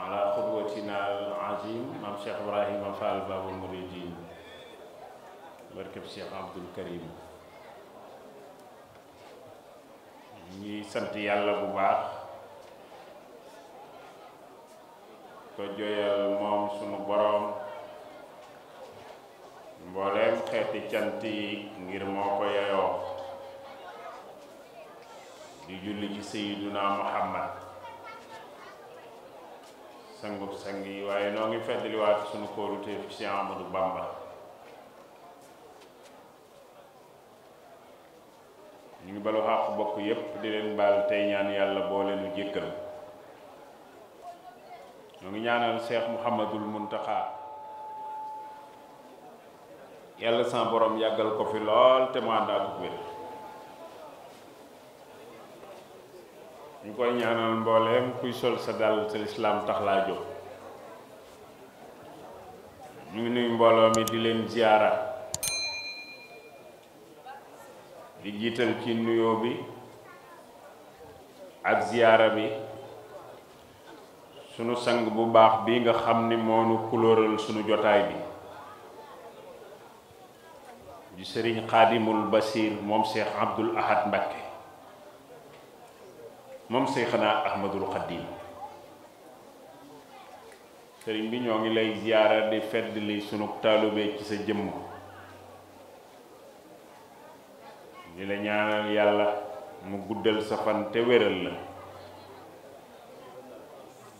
wa ala xudwatina al azim maam Cheikh Ibrahima Fall Babul Muridin barkeb Cheikh Abdul Karim ñi sant yàlla bu baax ko joyal moom sunu borom mbooleem xeeti cant yi ngir moo ko yeyoo di julli ci Muhammad sangub sang yi waaye noo ngi feddliwaat sunu kóolute fi si Amadou Bamba ñu ngi balu xàq bokk yépp di leen baal tey ñaan yàlla boole nu jéggal ñoo ngi ñaanal Cheikh Mouhamadul Muntaxa yàlla san borom yàggal ko fi lool te mu ànd ak wér ñu koy ñaanal mbooleem kuy sol sa dàll te lislaam tax laa jóg ñu ngi nuyu mbooloo mi di leen ziyaara di jiital ci nuyoo bi ak ziyaara bi sunu sang bu baax bi nga xam ni moomu nu kulóoral sunu jotaay bi di sëriñ xaadimul basiir moom Cheikh Abdoul Ahad Mbacké moom Seyxanaa Ahmadul Xadim sëriñ bi ñoo ngi lay ziyaara di fedd li sunu taalube ci sa jëmm di la ñaanal yàlla mu guddal sa fan te wéral la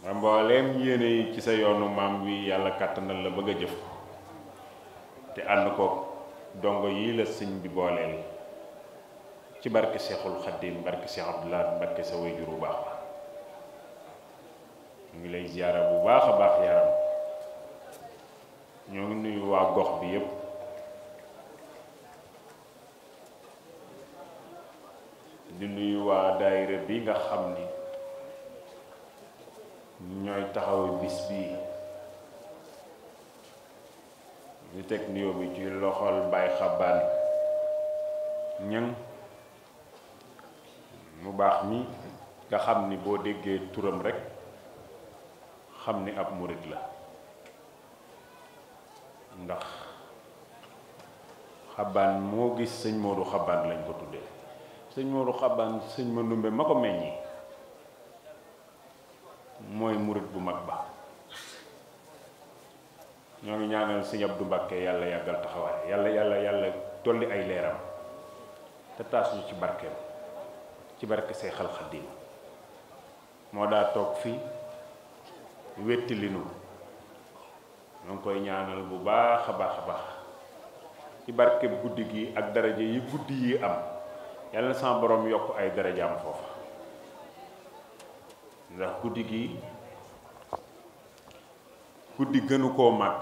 nga mbooleem yéene yi ci sa yoonu maam wi yàlla kàttanal la bëgg a jëf te ànd ko dongo yi la sëñ bi booleel ci barke Seexul Xaddim barke Seex Abdulaat barke sa wayjur baax ñu ngi lay ziyaara bu baax a baax yaram ñoo ngi nuyu waa gox bi yépp di nuyu waa daayira bi nga xam ni ñooy taxaw bis bii ñu teg nuyoo bi ci loxol Baay Xabaan ñan mu baax mi nga xam ni boo déggee turam rek xam ni ab murit la ndax xabaan moo gis sëñ Modou xaban lañ ko tuddee sëñ Modou xaban sëñ ma ndumbe ma ko meññi mooy murit bu mag ba ñoo ngi ñaanal sëñ Abdou Mbàkke yàlla yàggal taxawaay yàlla yàlla yàlla dolli ay leeram te taas ci barkeem ci barke Seexal Xadiim moo daa toog fii wetti li ngi koy ñaanal bu baax a baax a baax ci barke guddi gi ak daraja yi guddi yi am yàlla na borom yokk ay darajaam foofa ndax guddi gi guddi gënu koo màgg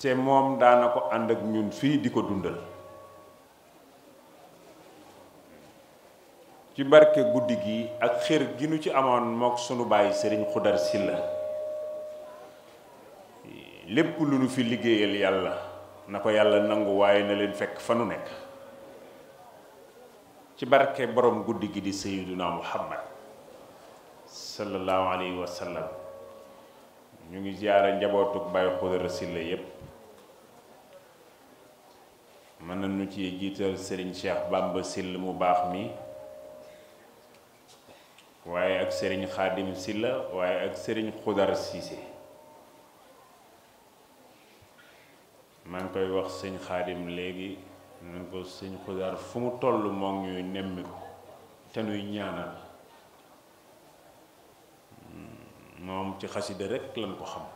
te moom daana ko ànd ak ñun fii di ko dundal ci barke guddi gi ak xër gi nu ci amoon mook sunu bàyyi sëriñ xudar silla lépp lu nu fi liggéeyal yàlla na ko yàlla nangu waaye na leen fekk fa nu nekk ci barke boroom guddi gi di sayyiduna muhammad sallallahu alayhi wa sallam ñu ngi ziyaara njabootuk bàyyi xudar silla yépp mën nañu ci jiital sëriñ Cheikh Bamba Sill mu baax mi waaye ak sëriñ xaadim silla waaye ak sëriñ xudar siise maa ngi koy wax sëñ xaadim léegi nañ ko sëñ xudar fu mu toll moo ngi ñuy nemmiku te nuy ñaanal moom ci xasida rekk lañ ko xam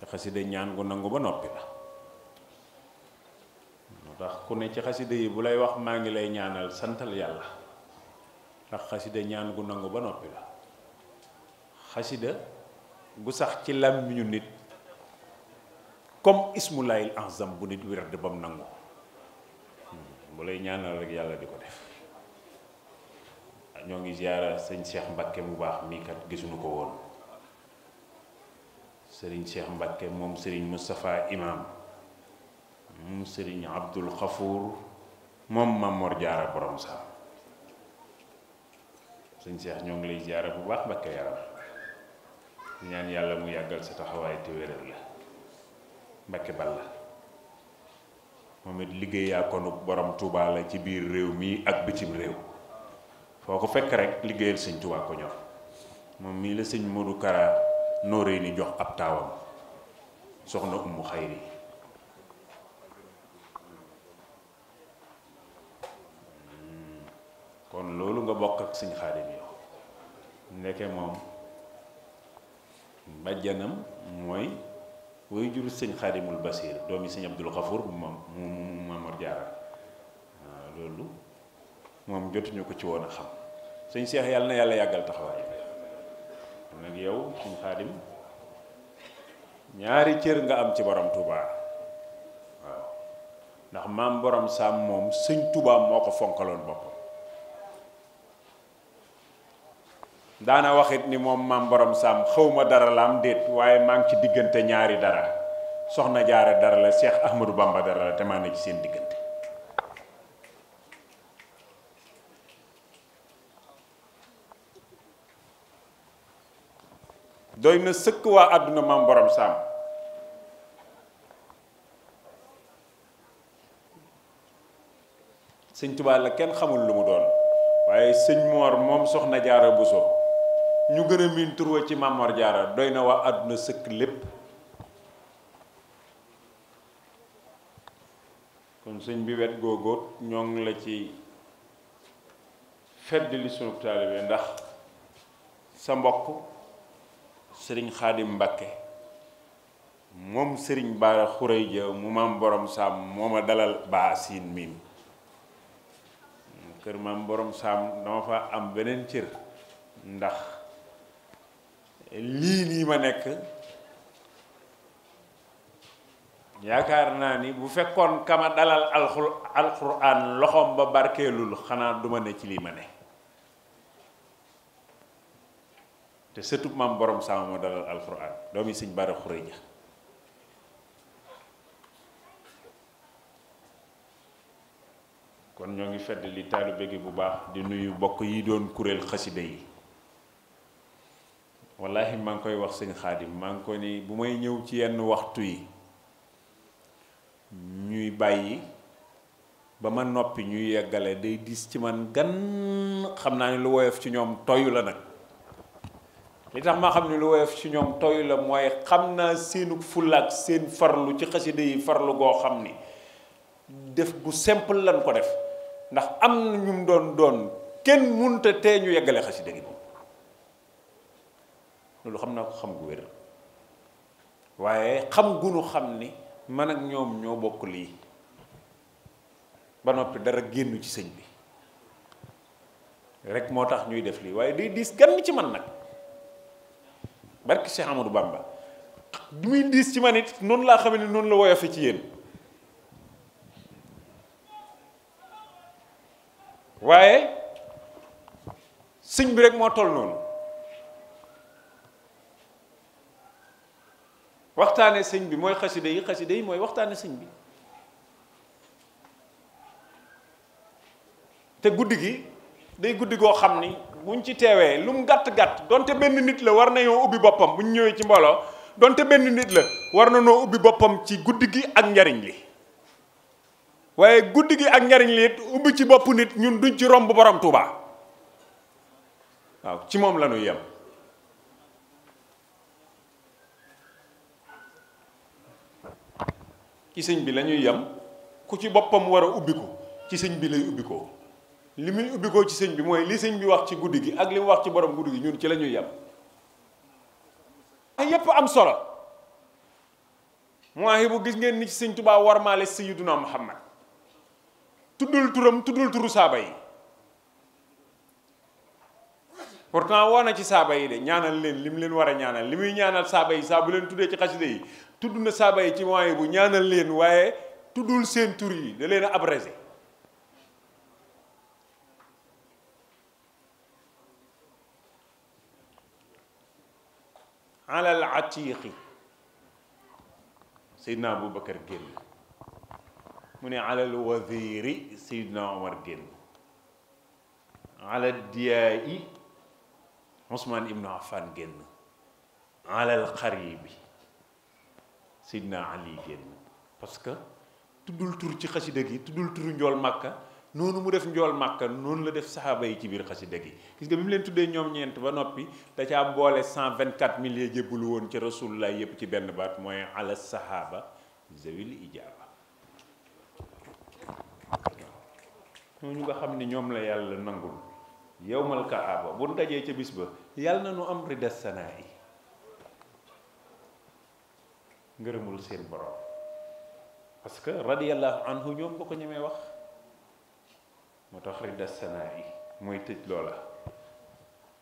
te xasida ñaan gu nangu ba noppi la moo tax ku ne ci xasida yi bu lay wax maa ngi lay ñaanal santal yàlla ndax xasida ñaan gu nangu ba noppi la xasida gu sax ci lam làmmiñu nit comme ismu laayil azam bu nit wird ba mu nangu hmm, bu lay ñaanal rek yàlla di ko def ñoo ngi ziyaara sëñ Cheikh Mbakke bu baax mii kat gisuñu ko woon sëriñ Cheikh Mbakke moom sëriñ mustafaa Imam moom sëriñ Abdul Xafuur moom Mamor Jaara borom saam sëñ Cheikh ñoo ngi lay ziyaara bu baax Mbàkke yaram ñaan yàlla mu yàggal sa taxawaay te wéral la Mbàkke bal la moom it liggéey yaa konu borom Touba la ci biir réew mii ak bitim réew foo ko fekk rek liggéeyal sëñ Touba ko ñor moom mii la sëñ Modou Kara nooree ni jox ab taawam soxna Umu Xayri kon loolu nga bokk ak sëñ xaadim yow ndeke moom bàjjanam mooy way juru sëñ xaadimul basiir doomi sëñ abdul xafuur bu moom mu Maamor Jaara waaw loolu moom jotuñu ko ci woon xam sëñ seex yàlla na yàlla yàggal taxawaay kon nag yow sëñ xaadim ñaari cër nga am ci borom Touba waaw ndax maam borom saam moom sëñ tubaab moo ko fonkaloon boppam daana waxit ni moom maam borom saam ma dara la am déet waaye maa ngi ci diggante ñaari dara soxna jaara dara la Cheikh Ahmadou Bamba dara la te maa ne ci seen diggante doy na sëkk waa àdduna maam borom saam sëñ Tuubaa la kenn xamul lu mu doon waaye sëñ Moor moom soxna jaara Buso ñu gën a miin tur ci Mamor Jaara doy na waa àdduna sëkk lépp kon sëñ bi wet googóot ñoo ngi la ci fedd li sunu taalibe ndax sa mbokk sëriñ Xaadim Mbakke moom sëriñ Baara Xurey ja mu maam borom saam mooma dalal baa siin miim kër maam borom saam dama fa am beneen cër ndax lii nii ma nekk yaakaar naa ni bu fekkoon kama dalal alxur alxuraan loxoom ba barkeelul xanaa duma ne ci lii ma ne te surtout maam borom sama moo dalal alxuraan doomi sëñ Bara Xuréja kon ñoo ngi fedd li taalu bëgg bu baax di nuyu bokk yi doon kuréel xasida yi wallahi maa ngi koy wax sëñ xaadim maa ngi ko ni bu may ñëw ci yenn waxtu yi ñuy bàyyi ba ma noppi ñuy yeggale day diis ci man gan xam naa ni lu woyof ci ñoom toyu la nag li ma xam ni lu woyof ci ñoom toyu la mooy xam naa seenu fulaak seen farlu ci xasida yi farlu goo xam ni def gu simple lan ko def ndax am na ñu mu doon doon kenn munta tee ñu yeggale xasida gi loolu xam naa ko xam gu wér waaye xam gu nu xam ni man ak ñoom ñoo bokk lii ba noppi dara génn ci sëñ bi rekk moo tax ñuy def lii waaye day diis gan ci man nag barki Cheikh Amadou Bamba du muy diis ci man it noonu laa xam ne noonu la woyofe ci yéen waaye sëñ bi rek moo toll noonu waxtaane sëñ bi mooy xasida yi xasida yi mooy waxtaane sëñ bi te guddi gi day guddi goo xam ni buñ ci teewee lu mu gàtt-gàtt donte benn nit la war na nañoo ubbi boppam bu ñu ñëwee ci mbooloo donte benn nit la war na noo ubbi boppam ci guddi gi ak njariñ li waaye guddi gi ak njariñ li it ubbi ci bopp nit ñun duñ ci romb borom Tuuba waaw ci moom la ñu yem ci sëñ bi la ñuy yem ku ci boppam war a ubbiku ci sëñ bi lay ubbikoo li muy ubbikoo ci sëñ bi mooy li sëñ bi wax ci guddi gi ak li mu wax ci borom guddi gi ñun ci lañuy ñuy yem yépp am solo mooy bu gis ngeen ni ci sëñ Tuubaa warmaale sayyiduna Muhammad tuddul turam tuddul turu saaba yi pourtant woo a ci saaba yi de ñaanal leen li mu leen war a ñaanal li muy ñaanal saaba yi saa bu leen tuddee ci xasida yi tudd na saaba yi ci moyen bu ñaanal leen waaye tuddul seen tur yi da leen a abrégé alal atiqi seydna aboubacar génn mu ne alal waziri seydna omar génn alal diyaa Ousmane Ibnu Affan génn alal xaribi Sidna Ali génn parce que tuddul tur ci xasida gi tuddul turu njool màkka noonu mu def njool màkka noonu la def saxaaba yi ci biir xasida gi gis nga bi mu leen tuddee ñoom ñeent ba noppi da ca boole cent 124 milliers jébbalu woon ci rasulullah yépp ci benn baat mooy ala saxaaba zawil ijaaba ñooñu nga xam ne ñoom la yàlla nangul yowmal kaaba bu nu dajee ca bis ba yàlla na nu am rida sanaa yi ngërëmul seen borom parce que radiyallahu anhu ñoom nga ko ñemee wax moo tax rida sanaa yi mooy tëj loola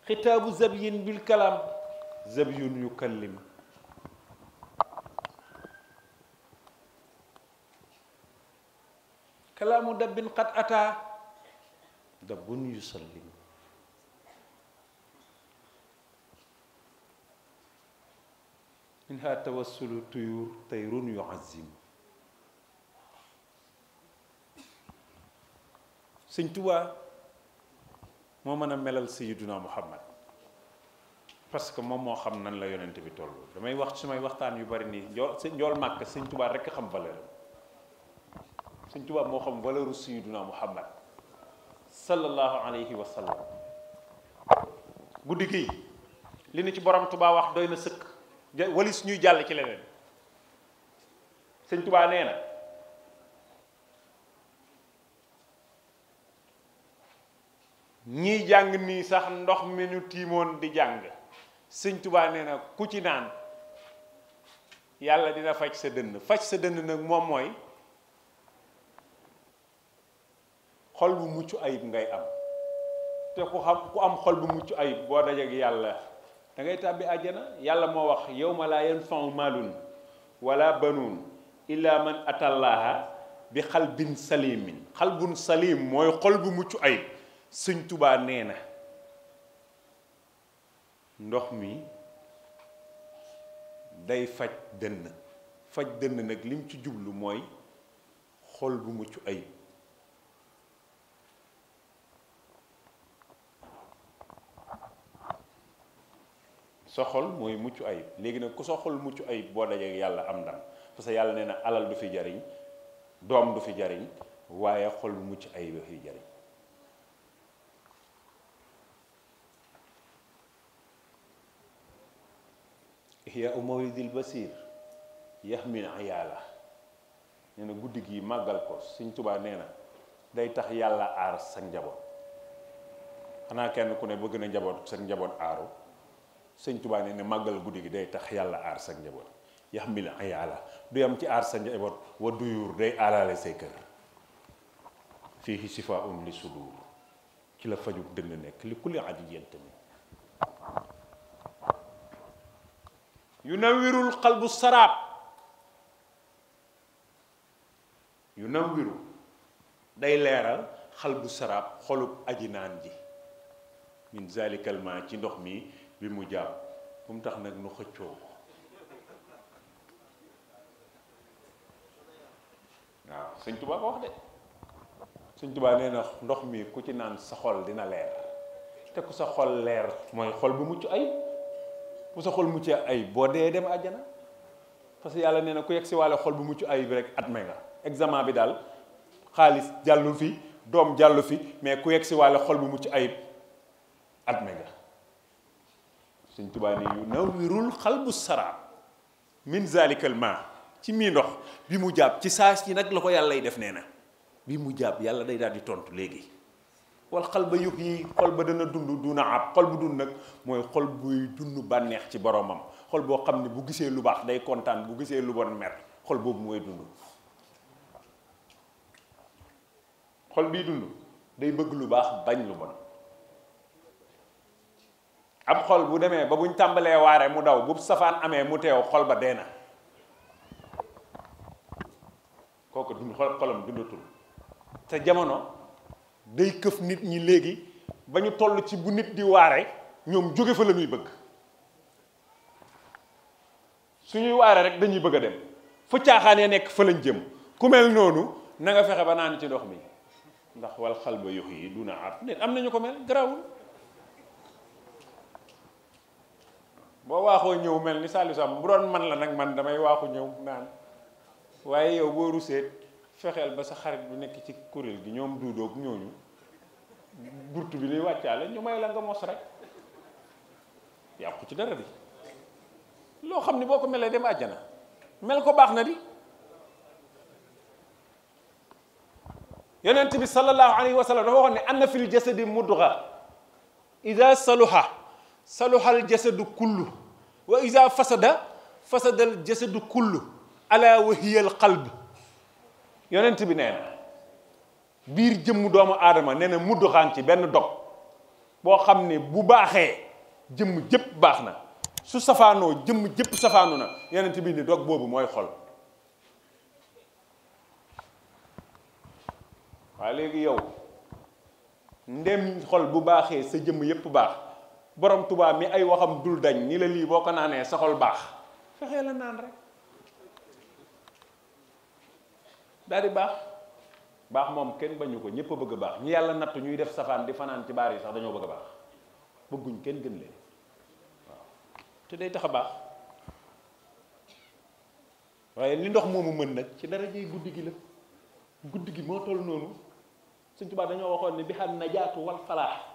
xitaabu zabyin bil kalaam zabyun yu kallim kalaamu dabbin qad ataa dabbun yusallim inha tawassulu tuyur tayrun yuazim sëñ Tuubaa moo mën a melal sayyiduna Muhammad parce que moom moo xam nan la yonent bi toll damay wax sumay waxtaan yu bari nii njool njool màkk sëñ Tuubaa rekk xam valeur sëñ Tuubaa moo xam valeuru sayyiduna Muhammad sallallahu alayhi wa sallam guddi gi li ni ci borom Tuubaa wax doy na sëkk walis ñuy jàll ci leneen sëñ Tuubaa nee na jàng nii sax ndox mi ñu tiimoon di jàng sëñ Tuubaa nee ku ci naan yàlla dina faj sa dënn faj sa dënn nag moom mooy xol bu mucc ayib ngay am te ku xam ku am xol bu mucc ayib boo dajeek yàlla dangay tàbbi àjjana yàlla moo wax yawma laa yanfa'u maalun wala banuun illa man atallaha bi xalbin salimin xalbun salim mooy xol bu mucc ay sëñ tubaa nee na ndox mi day faj dënn faj dënn nag lim ci jublu mooy xol bu mucc ayib sa xol mooy mucc ay léegi nag ku sa xol mucc ay boo dajee yàlla am ndam parce que yàlla nee na alal du fi jariñ doom du fi jariñ waaye xol mucc ay du fi jariñ ihya umawidil basir yahmin ayaala nee na guddi gi màggal ko Sëñ Tuubaa nee na day tax yàlla aar sa njaboot xanaa kenn ku ne bëgg na njaboot sa njaboot aaru sëñ Tuubaa ne ne màggal guddi gi day tax yàlla aar sa njaboot yax mi la ayala du yam ci aar sa njaboot wa duyuur day aaraale say kër fii sifaa'un li suduur ci la fajug dënn nekk li kulli ajijin tamit yunawwirul xalbu saraab day leeral xalbu saraab xolub aji naan ji min zalikal ci ndox mi bi mu jàpp bu mu tax nag nu xëccoo ko waaw sëñ Tuubaa ko wax de sëñ Tuubaa nee na ndox mi ku ci naan sa xol dina leer te ku sa xol leer mooy xol bu mucc ay ku sa xol mucc ay boo dee dem àjjana parce que yàlla nee na ku yegg si waale xol bu mucc ay bi rek at may examen bi daal xaalis jàllu fi doom jàllu fi mais ku yegg si waale xol bu mucc ayib at me suñ tubaa ne yu xal bu sara min zalikal ma ci mii ndox bi mu jàpp ci saas yi nag la ko yàlla def nee na bi mu jàpp yàlla day daal di tontu léegi wal xal ba yux yi xol ba dana dund duna ab xol bu dund nag mooy xol buy dund bànneex ci boromam xol boo xam ne bu gisee lu baax day kontaan bu gisee lu bon mer xol boobu mooy dund xol bii dund day bëgg lu baax bañ lu bon ab xol bu demee ba buñ tàmbalee waare mu daw bu safaan amee mu teew xol ba dee na kooku dund xol xolam dundatul te jamono day këf nit ñi léegi ba ñu toll ci bu nit di waare ñoom jóge fa la ñuy bëgg suñuy waare rek dañuy bëgg a dem fu caaxaanee nekk fa lañ jëm ku mel noonu na fexe ba naan ci ndox mi ndax wal xal ba yox yi duna aar nit am nañu ko mel garaawul boo waaxoo ñëw mel ni Saliou Samb bu doon man la nag man damay waaxu ñëw naan waaye yow boo ruseet fexeel ba sa xarit bu nekk ci kuréel gi ñoom duudoog ñooñu burtu bi liy wàccaale ñu may la nga mos rek yàqu ci dara bi loo xam ni boo ko melee dem àjjana mel ko baax na di yonent bi sallallahu alayhi wa sallam dafa waxoon ne anna fil jasadi mudga ida saluha saluhal jasadu kullu wa isa fasada fasadal jasadu kullu ala wa hiyal qalb yonent bi nee biir jëmm doomu aadama ne na mudd xaan ci benn dog boo xam ne bu baaxee jëmm jëpp baax na su safaanoo jëmm jëpp safaanu na yonent bi ni dog boobu mooy xol waa léegi yow ndem xol bu baaxee sa jëmm yëpp baax borom tubaab mi ay waxam dul dañ ni la lii boo ko naanee saxol baax fexee la naan rek daal di baax baax moom kenn bañu ko ñëpp a bëgg a baax ñu yàlla nattu ñuy def safaan di fanaan ci baar yi sax dañoo bëgg a baax bëgguñ kenn gën leen waaw te day tax a baax waaye li ndox moomu mën nag ci dara jëy guddi gi la guddi gi moo toll noonu Sëñ Tuubaa dañoo waxoon ne bi xam najaatu wal falaax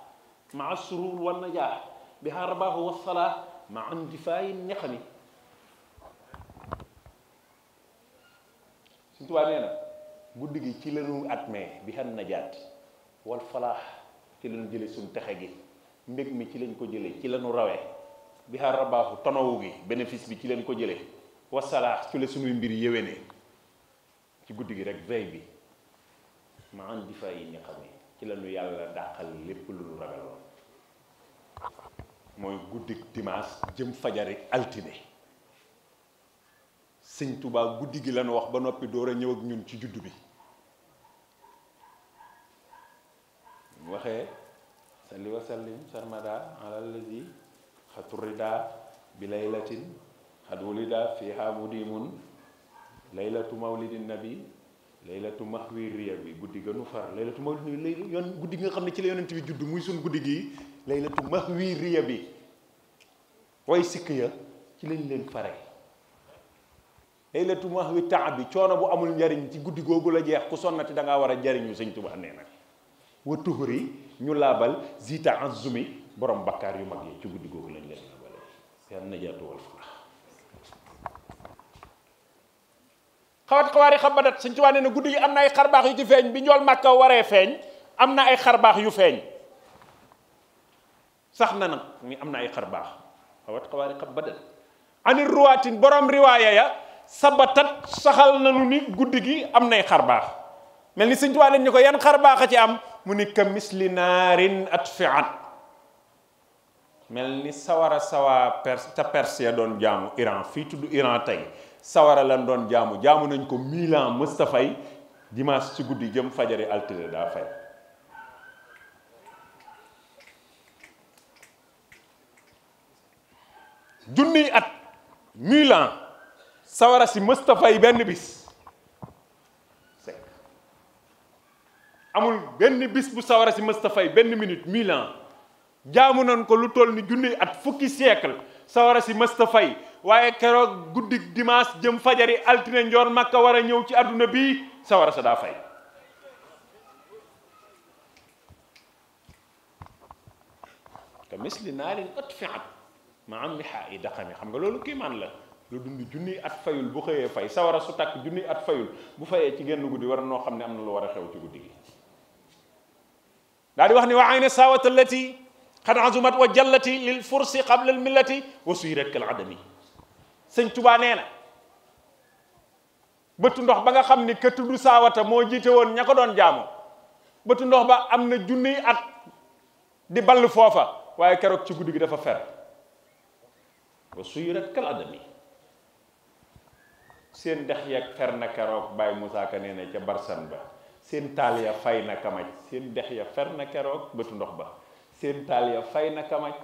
maa surur wal najaax bihaa rabaahu wassalaax maa indifaayi niqami Sëñ Tuubaa nee na guddi gi ci lañu atmee bihaa najaat wal falaax ci lañu jële suñ texe gi mbég mi ci lañ ko jële ci lañu rawee bihaa rabaahu tonowu gi bénéfice bi ci lañ ko jële wassalaax ci la suñuy mbir yéwénee ci guddi gi rek veille bi maa indifaayi niqami ci la ñu yàlla dàqal lépp lu ñu ragaloon mooy guddik dimaas jëm fajarik altine sëñ tubaab guddi gi lañu wax ba noppi door a ñëw ak ñun ci juddu bi mu waxee salli wa sallim sarmada alallazi xaturida bi laylatin xad wulida fiha mudimun laylatu mawlidin nabi laylatu maxwi riya bi guddi ga nu far laylatu maxwi lay yoon guddi gi nga xam ne ci la yonent bi judd muy suñ guddi gi laylatu maxwi riya bi way sikk ya ci lañ leen fare tumax laylatu maxwi bi coono bu amul njariñ ci guddi googu la jeex ku sonnati da ngaa war a jariñu sëñ Tuubaa nee na wa tuhuri ñu laabal zita azumi borom bakkaar yu mag yi ci guddi googu lañ leen laabale seen najaatu wal xawat xawaari xam badat suñ tubaab nee na guddi gi am na ay xarbaax yu ci feeñ bi njool màkka waree feeñ am na ay xarbaax yu feeñ sax na ni am na ay xarbaax xawat xawaari xam badat ani ruwaatin borom riwaaya ya sabatat saxal nanu ni guddi gi am nay xarbaax mel ni suñ tubaab leen ñu ko yan xarbaax a ci am mu ni ka misli naarin at fiat mel ni sawara sawa pers ta perse ya doon jaamu Iran fii tudd Iran tey sawara lan doon jaamu jaamu nañ ko mille ans mësta fay dimanche ci guddi jëm fajari altine daa fay junniy at milan ans sawara si mësta fay benn bis amul benn bis bu sawara si mësta fay benn minute mille ans jaamu nañ ko lu toll ni junniy at fukki siècle sawara si mësta fay waaye keroog guddi dimaas jëm fajari altine njoor makka war a ñëw ci adduna bi sawara sa daa fay ka misli naa leen fi at ma am li xaa i daqami xam nga loolu kiimaan la lu dund junniy at fayul bu xëyee fay sawara su takk junni at fayul bu fayee ci genn guddi war noo xam ne am na lu war a xew ci guddi gi daal di wax ni waa ayna saawat allati xad azumat wa jallati lil fursi qabla al millati wa suy rekk al adami sëñ Touba nee na bëtu ndox ba nga xam ni ka tudd saawata moo jiite woon ña ko doon jaamu bëtu ndox ba am na junniy at di bal foofa waaye keroog ci guddi gi dafa fer ba suyu seen dex yag fer na keroog Baye Moussa Ka nee ca barsan ba seen taal ya fay na kamaj seen dex ya fer na keroog bëtu ndox ba seen taal fay na kamaj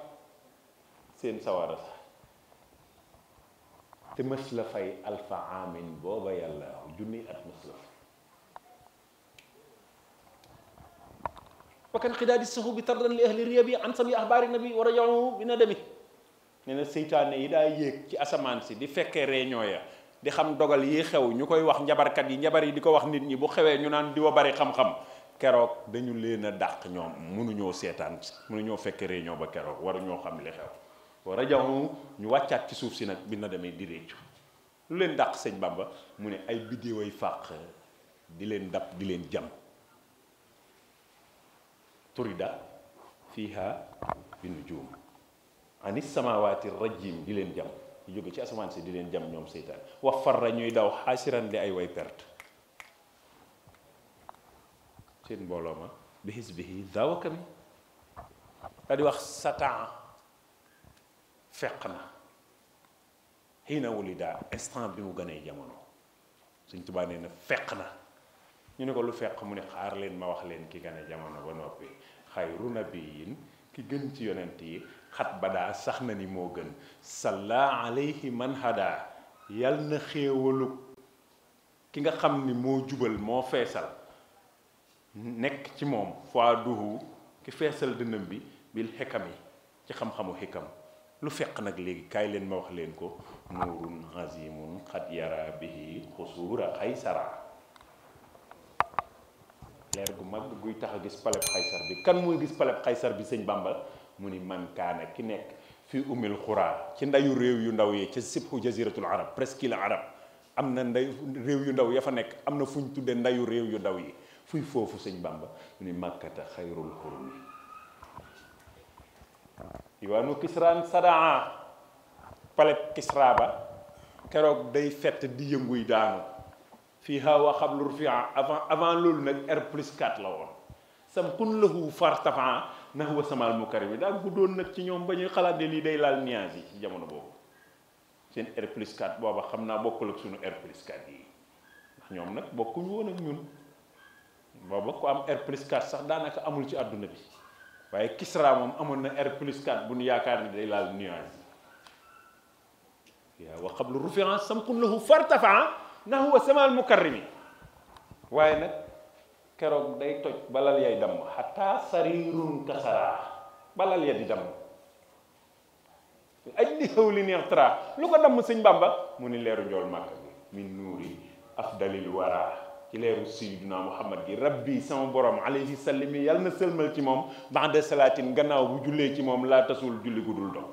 seen sawara te mës la fay alfa amin booba yàlla junni at mës la fay wakan xidaadi sahu bi tardan li ahli riya yi an sami axbaari nabi war a yow bi na demi nee na seytaane yi daa yéeg ci asamaan si di fekkee réunion ya di xam dogal yi xew ñu koy wax njabarkat yi njabar yi di ko wax nit ñi bu xewee ñu naan di wa bari xam-xam keroog dañu leen a dàq ñoom mënuñoo seetaan mënuñoo fekkee réunion ba keroog waruñoo xam li xew wa rajahu ñu wàccaat ci suuf si nag bi na demee di lu leen dàq sëñ Bamba mu ne ay biddéew ay fàq di leen dab di leen jam turida fiiha bi nujum anis samawaati rajim di leen jam di jóge ci asamaan si di leen jam ñoom seytaan wax far ñuy daw xaasiran li ay way perte seen mbooloo ma bihis bihi daawaka mi daal di wax feq na xiina wulida instant bi mu gënee jamono Sëñ Tuubaa nee feq na ñu ne ko lu feq mu ne xaar leen ma wax leen ki gane jamono ba noppi xayru nabiyin ki gën ci yonent yi xat badaa sax na ni moo gën salla alayhi man hada yal na xéewalug ki nga xam ni moo jubal moo feesal nekk ci moom foi duhu ki feesal dënam bi bil xikam yi ci xam-xamu xikam lu feq nag léegi kaay leen ma wax leen ko nuurun azimun xad yara bihi xusuura xaysara leer gu mag guy tax a gis paleb xaysar bi kan mooy gis paleb xaysar bi sëñ Bamba mu ni man kaana ki nekk fi umil xuraa ci ndayu réew yu ndaw yi ci sibhu jaziratul arab presqu'île arab am na nday yu ndaw ya fa nekk am na fu ñu tudde ndayu réew yu ndaw yi fuy foofu sëñ Bamba mu ni màkkata a xurum yi diwaanu kisraan sadaa pale kisra ba keroog day fett di yënguy daanu fii hawa xablu rufia avant avant loolu nag R plus 4 la woon sam kun lahu fartafan nax wa samal mukarim bi daal guddoon nag ci ñoom ba xalaat ne lii day laal nuage yi ci jamono boobu seen R plus 4 booba xam naa bokkul ak suñu R plus 4 yi ñoom nag bokkuñu woon ak ñun booba ku am R plus 4 sax daanaka amul ci àdduna bi waaye Kisra moom amoon na R plus 4 bu nu yaakaar ne day laal nuage waaw wa qablu rufian samkun lahu fartafaa nahwa samal mukarrimi waaye nag keroog day toj balal yay damm xataa sarirun kasara balal ya di damm aj li xëw li neex lu ko damm sëñ Bàmba mu ni leer njool màkk bi min nuuri afdalil wara ci leeru sayyidina muhammad gi rabbi sama borom alayhi sallimi yàlla na sëlmal ci moom ba'da salaatin gannaaw bu jullee ci moom laa tasul julli gudul dog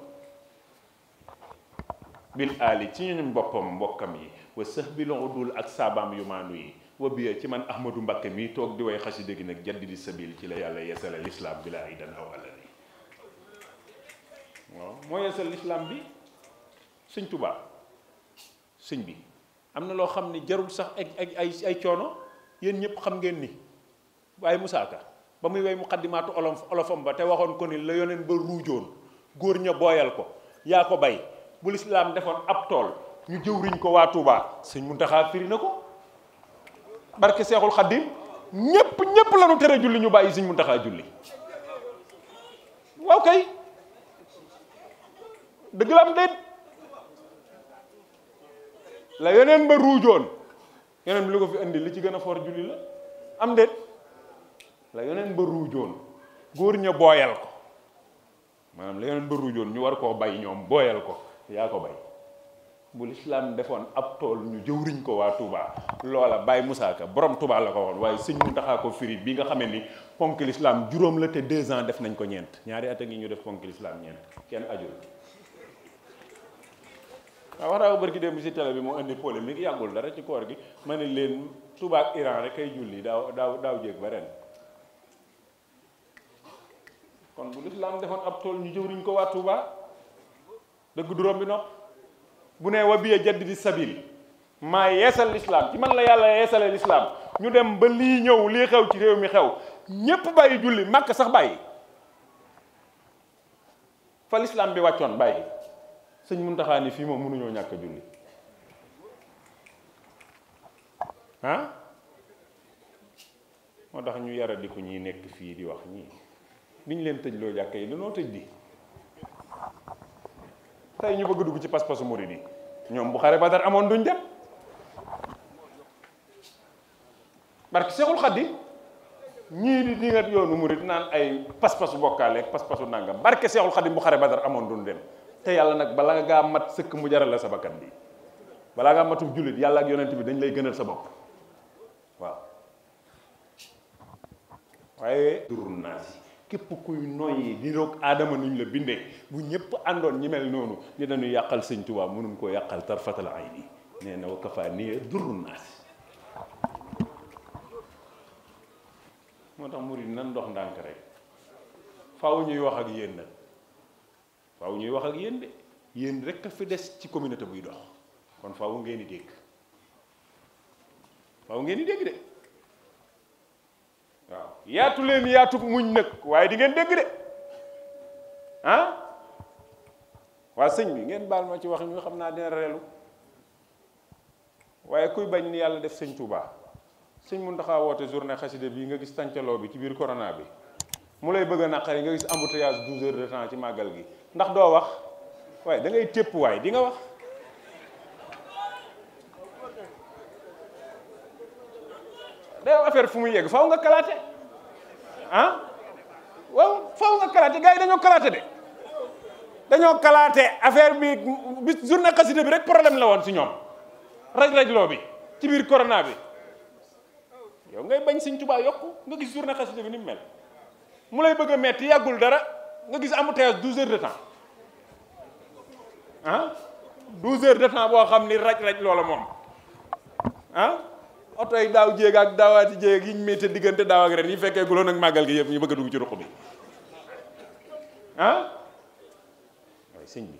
bil ali ci ñuñum boppam mbokkam yi wa sahbil udul ak saabaam yu maanu yi wa biya ci man ahmadu mbakke mi toog di way xasida gi nag jaddidi sabil ci la yàlla yeesal al islam bi laa idan moo yeesal l'islam bi sëñ tubaa sëñ bi am na loo xam ne jarul sax ak ay ay coono yéen ñëpp xam ngeen ni waaye Moussa Ka ba muy mu muqaddimaatu olof olofam ba te waxoon ko ni la yoneen ba ruujoon góor ña booyal ko yaa ko bay bu lislaam defoon ab tool ñu jëwriñ ko waa Touba sëñ Muntaxa firi na ko barke Seexul Xaddim ñépp ñépp lañu tere julli ñu bàyyi sëñ Muntaxa julli waaw kay dëgg la la yeneen ba ruujoon yeneen bi li ko fi indi li ci gën a for julli la am de la yeneen ba ruujoon góor ña booyal ko maanaam la yeneen ba ruujoon ñu war koo bay ñoom booyal ko yaa ko bay bu lislaam defoon ab tool ñu jëwriñ ko waa Touba loola Baye Moussa Ka borom Touba la ko waxoon waaye sëñ mu taxaa ko firi bi nga xamee ni ponk lislaam juróom la te deux ans def nañ ko ñeent ñaari at a ngi ñu def ponk lislaam ñeent kenn ajul waaw wax naa ko barki démb si télé bi moo indi polémique yàggul dara ci koor gi ma ne leen Touba ak Iran rek ay julli daaw daaw daaw jéeg ba ren kon bu lislaam defoon ab tool ñu jëw jëwriñ ko waa Touba dëgg du romb bi nopp bu ne wa biya jaddidi sabil maa yeesal lislaam ci man la yàlla yeesale lislaam ñu dem ba lii ñëw lii xew ci réew mi xew ñépp bàyyi julli màkk sax bàyyi fa lislaam bi wàccoon bàyyi sëñ mun ni fii moom mënuñoo ñàkk a julli ah moo tax ñu yara di ko ñi nekk fii di wax ñii biñ leen tëj loo jàkka yi dañoo tëj di tey ñu bëgg dugg ci pas-pasu murid yi ñoom bu xare Badar amoon duñ dem barke Seexul Xaddi ñii di dingat yoonu murid naan ay pas-pasu bokkaale ak pas-pasu nangam barke Seexul Xaddi bu xare Badar amoon duñ dem te yàlla nag bala nga mat sëkk mu jaral la sa bakkan bi balaa ngaa matum jullit yàlla ak yonent bi dañ lay gënal sa bopp waaw waaye durul naas yi képp kuy noyyi di roog aadama nuñ la bindee bu ñëpp àndoon ñi mel noonu ni dañuy yàqal sëñ Tuubaa mënuñ koo yàqal tarfatal ay nii nee na wakkafa nii durul naas moo tax murid nan ndox ndànk rek faaw ñuy wax ak yéen nag faaw ñuy wax ak yéen de yéen rek a fi des ci communauté buy dox kon faaw ngeen di dégg faaw ngeen di dégg de waaw yaatu leen yaatu muñ nag waaye di ngeen dégg de ah waa sëñ bi ngeen baal ma ci wax ñu xam naa dina reelu waaye kuy bañ ni yàlla def sëñ Touba mu Mountakha woote journée xasida bi nga gis tàncaloo bi ci biir corona bi mu lay bëgg a yi nga gis embouteillage 12 heures de temps ci màggal gi ndax doo wax waaye dangay ngay tépp waay nga wax day affaire fu muy yegg faaw nga kalaate ah waaw faaw nga kalaate gars yi dañoo kalaate de dañoo kalaate affaire bi bi journée bi rek problème la woon si ñoom raj-rajloo bi ci biir corona bi yow ngay bañ Sëñ Tuubaa yokku nga gis journée xasida bi ni mu mel mu lay bëgg a metti yàggul dara nga gis embouteillage douze heures de temps ah douze heures de temps boo xam ni raj-raj loola moom ah oto yi daaw jéeg ak daawaati jéeg yi ñu métti diggante daaw rek ren yi fekkee guloon nag màggal gi yëpp ñu bëgg a dugg ci ruq bi ah waaye bi sëñ bi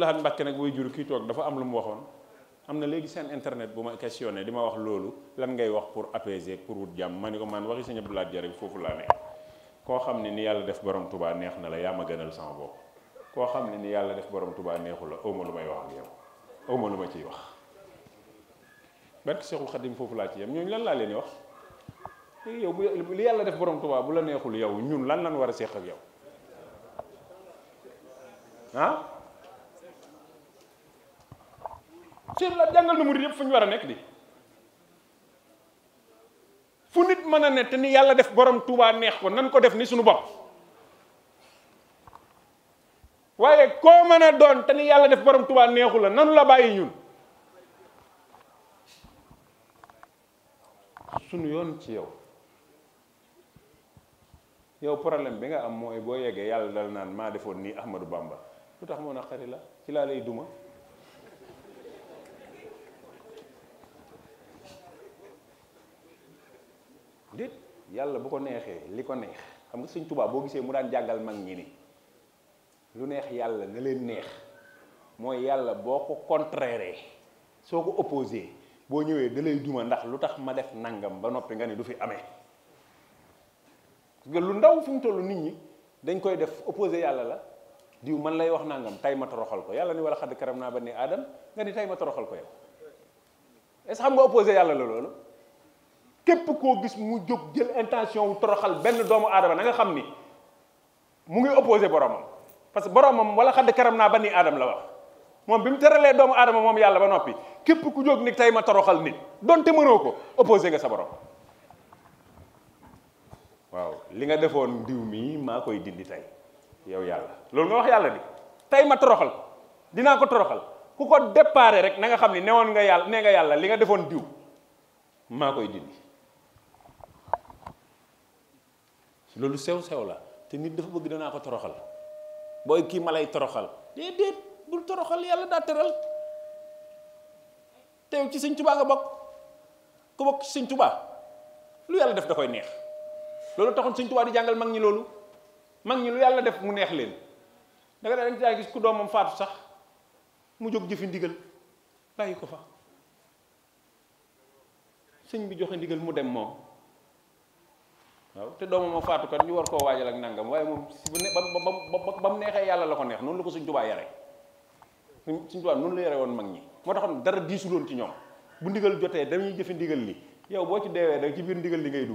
Lahad Mbàkke nag booy juru kii toog dafa am lu mu waxoon am na léegi seen internet bu ma questionné di ma wax loolu lan ngay wax pour apaiser pour wut jàmm ma ni ko man waxi sëñ Abdou Lahad Diarra foofu laa ne koo xam ne ni yàlla def borom tubaa neex na la yaa gënal sama bopp koo xam ne ni yàlla def borom tubaa neexu la awma lu may wax ak yow awma lu ma ciy wax barke Seexul Xadim foofu laa ci yem ñooñu lan laa leen di wax léegi eh, li yàlla def borom tubaa bu la neexul yow ñun lan lan war a seeq ak yow Cheikh la jàngal na murid yëpp fu ñu war a nekk di fu nit mën a ne te ni yàlla def borom tubaa neex ko ko def ni suñu bopp waaye koo mën a yàlla def borom Tuubaa neexu la nanu la bàyyi ñun suñu yoon ci yow yow problème bi nga am mooy boo yeggee yàlla dal naan maa defoon nii Ahmadou Bamba lu tax moo naqari la ci laa lay duma yàlla bu ko neexee li ko neex xam nga sëñ Tuubaa boo gisee mu daan jàngal mag ñi ni lu neex yàlla na leen neex mooy yàlla boo ko contraire soo ko opposé boo ñëwee da lay duma ndax lu tax ma def nangam ba noppi nga ne du fi amee parce que lu ndaw fi mu toll nit ñi dañ koy def opposé yàlla la diw man lay wax nangam tay ma toroxal ko yàlla ni wala xadd karam naa ba ni aadam nga ni tay ma toroxal ko yow est-ce xam nga opposé yàlla la loolu képp koo gis mu jóg jël intention wu toroxal benn doomu aadama na nga xam ni mu ngi opposé boromam parce que boromam wala xadd karam naa ba ni adama la wax moom bi mu teralee doomu aadama moom yàlla ba noppi képp ku jóg ni tey ma toroxal nit donte mënoo ko opposé nga sa borom waaw li nga defoon diw mii maa koy dindi tey yow yàlla loolu nga wax yàlla di tey ma toroxal dinaa ko toroxal ku ko déparé rek na nga xam ni woon nga yàlla nee nga yàlla li nga defoon diw maa koy dindi loolu sew sew la te nit dafa bëgg danaa ko toroxal booy kii malay toroxal déedéet bul toroxal yàlla daa tëral teew ci sëñ tubaa nga bokk ku bokk ci sëñ tubaa lu yàlla def da koy neex loolu taxoon sëñ tubaa di jàngal mag ñi loolu mag ñi lu yàlla def mu neex leen da nga daan gis ku doomam faatu sax mu jóg jëfi ndigal bàyyi ko fa sëñ bi joxe ndigal mu dem moom waaw te doomam ma faatu ñu war koo waajal ak nangam waaye moom si bu ne ba ba mu neexee yàlla la ko neex noonu la ko suñ tubaa yare suñ tubaa noonu la yare woon mag ñi moo taxoon dara diisu doon ci ñoom bu ndigal jotee dañuy jëfe ndigal li yow boo ci deewee da ci biir ndigal li ngay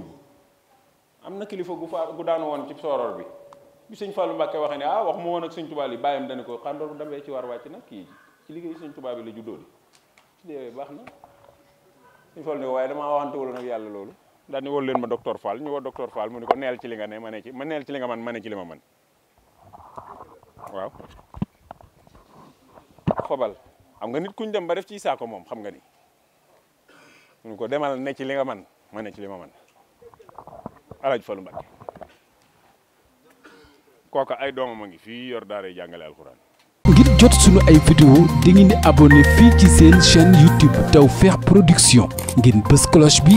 am na kilifa gu faa gu daanu woon ci sooroor bi bi sëñ Fallou Mbacke waxee ah wax mu woon ak sëñ tubaa li bàyyam dana ko xandoor bu demee ci war wàcc nag kii liggéey sëñ bi la juddoo di ci deewee baax na ne waaye damaa waxantewul nag yàlla loolu daal ni wóolu leen ma docteur Fall ñu woo docteur Fall mu ni ko neel ci li nga ne ma ne ci li nga man ma ne li ma man waaw xobal xam nga nit kuñ dem ba def ci saako moom xam nga ni ñu ko demal ne ci li nga man ma ne ci li ma man alaaj Fallu kooka ay doomam a ngi fi yor daara jàngale alxuraan ngir jot sunu ay vidéo di ngeen di fii ci seen chaîne YouTube Tawfekh Production ngeen bës cloche bi